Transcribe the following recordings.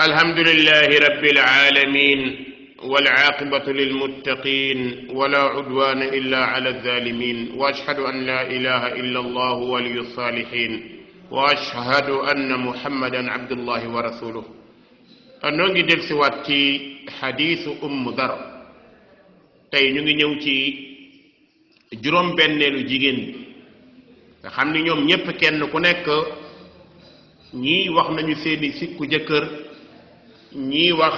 الحمد لله رب العالمين والعاقبة للمتقين ولا عدوان إلا على الظالمين وأشهد أن لا إله إلا الله ولي الصالحين وأشهد أن محمدا عبد الله ورسوله أنوغي دلس سواتي حديث أم ذر تاي نوغي نيوتي جروم بنيلو جيجين خامني نيوم نيب كين كو نيك ني واخ نانيو سيني سيكو جيكر ñi wax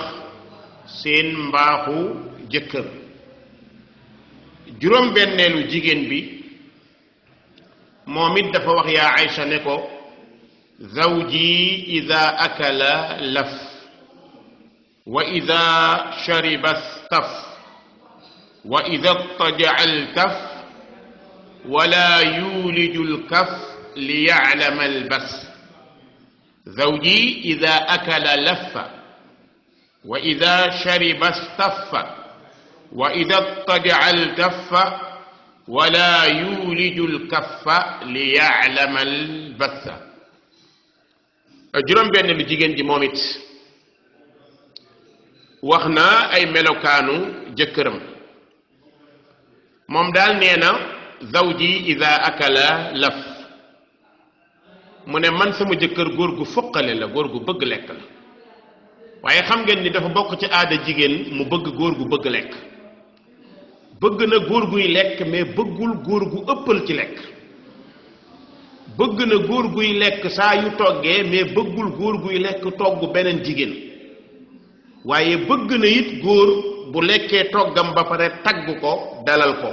seen mbaaxu jëkkër juróom benneelu jigéen bi moom it dafa wax yaa Aïcha ne ko zawji ida akala laf wa ida shariba staf wa ida ittaja'a alkaf wala yuliju alkaf liya'lama albas zawji ida akala lafa وإذا شرب استف وإذا اضطجع الكف ولا يولد الكف ليعلم البث أجرم بأن الجيجين دي موميت وخنا أي ملوكانو جكرم ممدال نينا زوجي إذا أكل لف من من سمو جكر غورغو فقل لا غورغو بغ لك لأ. waaye xam ngeen ni dafa bokk ci aada jigéen mu bëgg góor gu bëgg lekk bëgg na góor guy lekk mais bëggul góor gu ëppal ci lekk bëgg na góor guy lekk saa yu toggee mais bëggul góor guy lekk togg beneen jigéen waaye bëgg na it góor bu lekkee toggam ba pare tagg ko dalal ko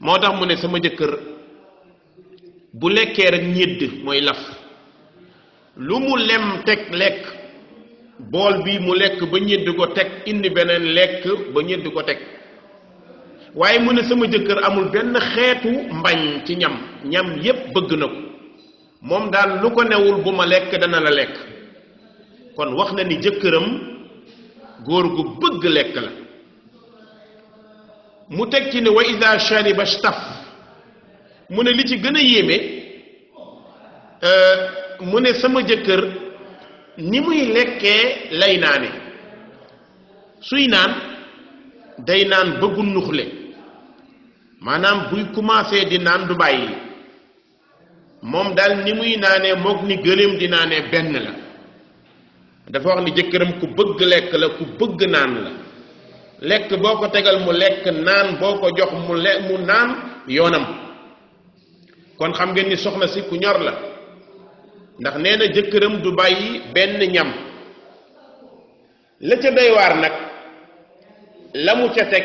moo tax mu ne sama jëkkër bu lekkee rek ñedd mooy laf lu mu lem teg lekk bool bi mu lekk ba ñedd ko teg indi beneen lekk ba ñeddi ko teg waaye mu ne sama jëkkër amul benn xeetu mbañ ci ñam ñam yépp bëgg na ko moom daal lu ko newul bu ma lekk dana la lekk kon wax na ni jëkkëram góor gu bëgg lekk la mu teg ci ne wa ida shariba staf mu ne li ci gën a yéeme euh, mu ne sama jëkkër ni muy lekkee lay naane suy naan day naan bëggu nuxle maanaam buy commencé di naan du bàyyi moom daal ni muy naane moog ni gëléem di naanee benn la dafa wax ni jëkkëram ku bëgg lekk la ku bëgg naan la lekk boo ko tegal mu lekk naan boo ko jox mu le mu naan yoonam kon xam ngeen ni soxna si ku ñor la ndax neena na jëkkëram du bàyyi benn ñam la ca day waar nag la mu ca teg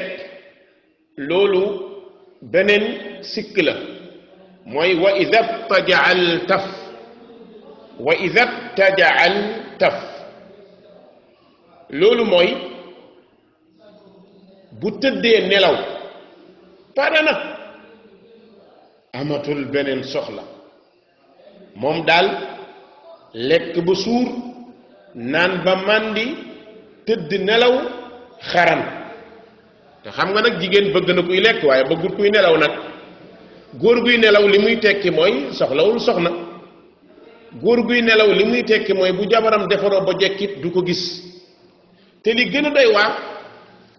loolu beneen sikk la mooy wa ida tajaal taf wa ida tajaal taf loolu mooy bu tëddee nelaw pare amatul beneen soxla moom daal lekk bu suur naan ba màndi tëdd nelaw xaran te xam nga nag jigéen bëgg na kuy lekk waaye bëggul kuy nelaw nag góor guy nelaw li muy tekki mooy soxlawul soxna góor guy nelaw li muy tekki mooy bu jabaram defaroo ba jekkit du ko gis te li gën a doy waar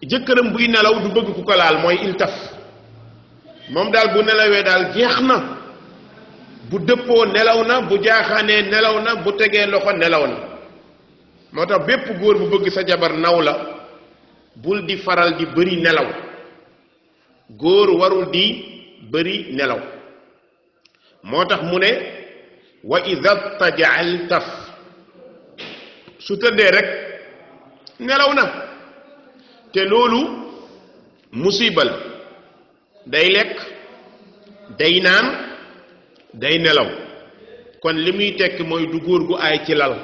jëkkëram buy nelaw du bëgg ku ko laal mooy iltaf moom daal bu nelawee daal jeex na bu dëppoo nelaw na bu jaaxaanee nelaw na bu tegee loxo nelaw na moo tax bépp góor bu bëgg sa jabar naw la bul di faral di bëri nelaw góor warul di bëri nelaw moo tax mu ne wa ida tajaal taf su tëddee rek nelaw na te loolu musiba day lekk day naan day nelaw kon li muy tekk mooy du góor gu aay ci lal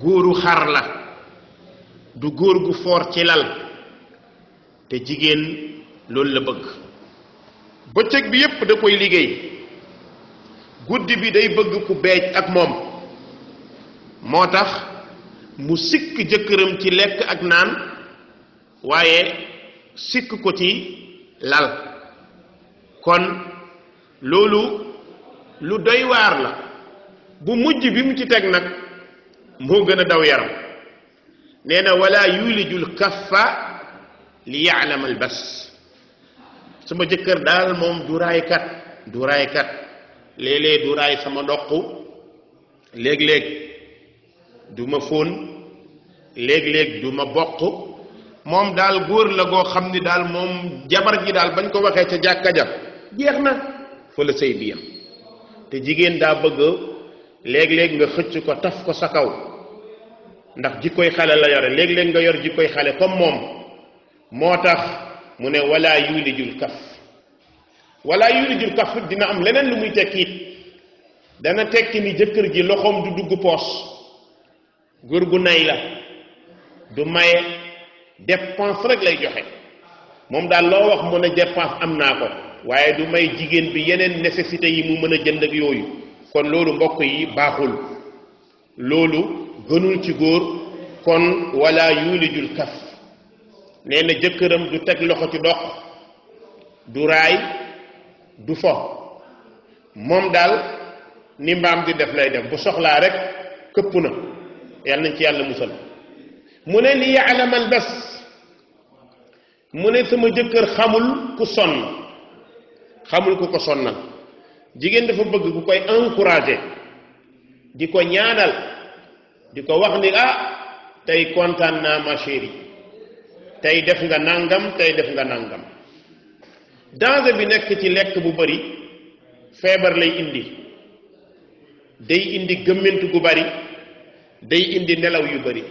góoru xar la du góor gu foor ci lal te jigéen loolu la bëgg bëccëg bi yépp da koy liggéey guddi bi day bëgg ku beej ak moom moo tax mu sikk jëkkëram ci lekk ak naan waaye sikk ko ci lal kon loolu lu doy waar la bu mujj bi mu ci teg nag moo gën a daw yaram nee na walla yuulijul kaffa li yaalam al bas sama jëkkër daal moom du raaykat du raaykat léeg-léeg du raay sama ndoq léeg-léeg du ma fóon léeg-léeg du ma bokk moom daal góor la goo xam ni daal moom jabar ji daal bañ ko waxee ca jàkka ja jeex na fa la sëy bi te jigéen daa bëgg léeg-léeg nga xëcc ko taf ko sa kaw ndax jikkoy xale la yore léeg-léeg nga yor jikkoy xale comme moom moo tax mu ne wala yuulijul kaf wala yuulijul kaf dina am leneen lu muy tekki dana tekki ni jëkkër ji loxoom du dugg poos góor gu nay la du maye dépense rek lay joxe moom daal loo wax mu ne dépense am naa ko waaye du may jigéen bi yeneen nécessité yi mu mën a jënd ak yooyu kon loolu mbokk yi baaxul loolu gënul ci góor kon wala yuulijul kaf nee na jëkkëram du teg loxo ci dox du raay du fo moom daal ni mbaam di def lay def bu soxlaa rekk këpp na yàlla nañ ci yàlla musal mu ne li yaalamal bés mu ne sama jëkkër xamul ku sonn xamul ku ko sonnal jigéen dafa bëgg ku koy encourager di ko ñaanal di ko wax ni ah tey kontaan naa ma chérie tey def nga nangam tey def nga nangam danger bi nekk ci lekk bu bari feebar lay indi day indi gëmment gu bari day indi nelaw yu bari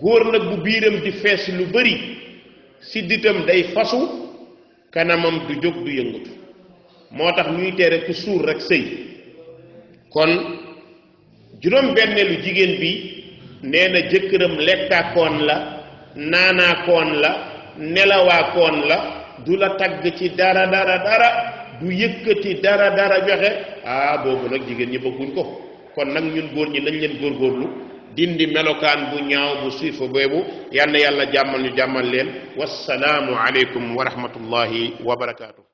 góor nag bu biiram di fees lu bari sidditam day fasu kanamam du jóg du yëngatu moo tax ñuy tere ku suur rekk sëy kon juróom-benneelu jigéen bi nee na jëkkëram lekkaakoon la naanaakoon la nelawaakoon la du la tagg ci dara dara dara du yëkkati dara dara joxe ah boobu nag jigéen ñi bëgguñ ko kon nag ñun góor ñi nañ leen góor góorlu dindi melokaan bu ñaaw bu siifa boobu yal yàlla jàmmal ñu jàmmal leen wa wassalaamu aleykum wa rahmatullahi wa barakaatu.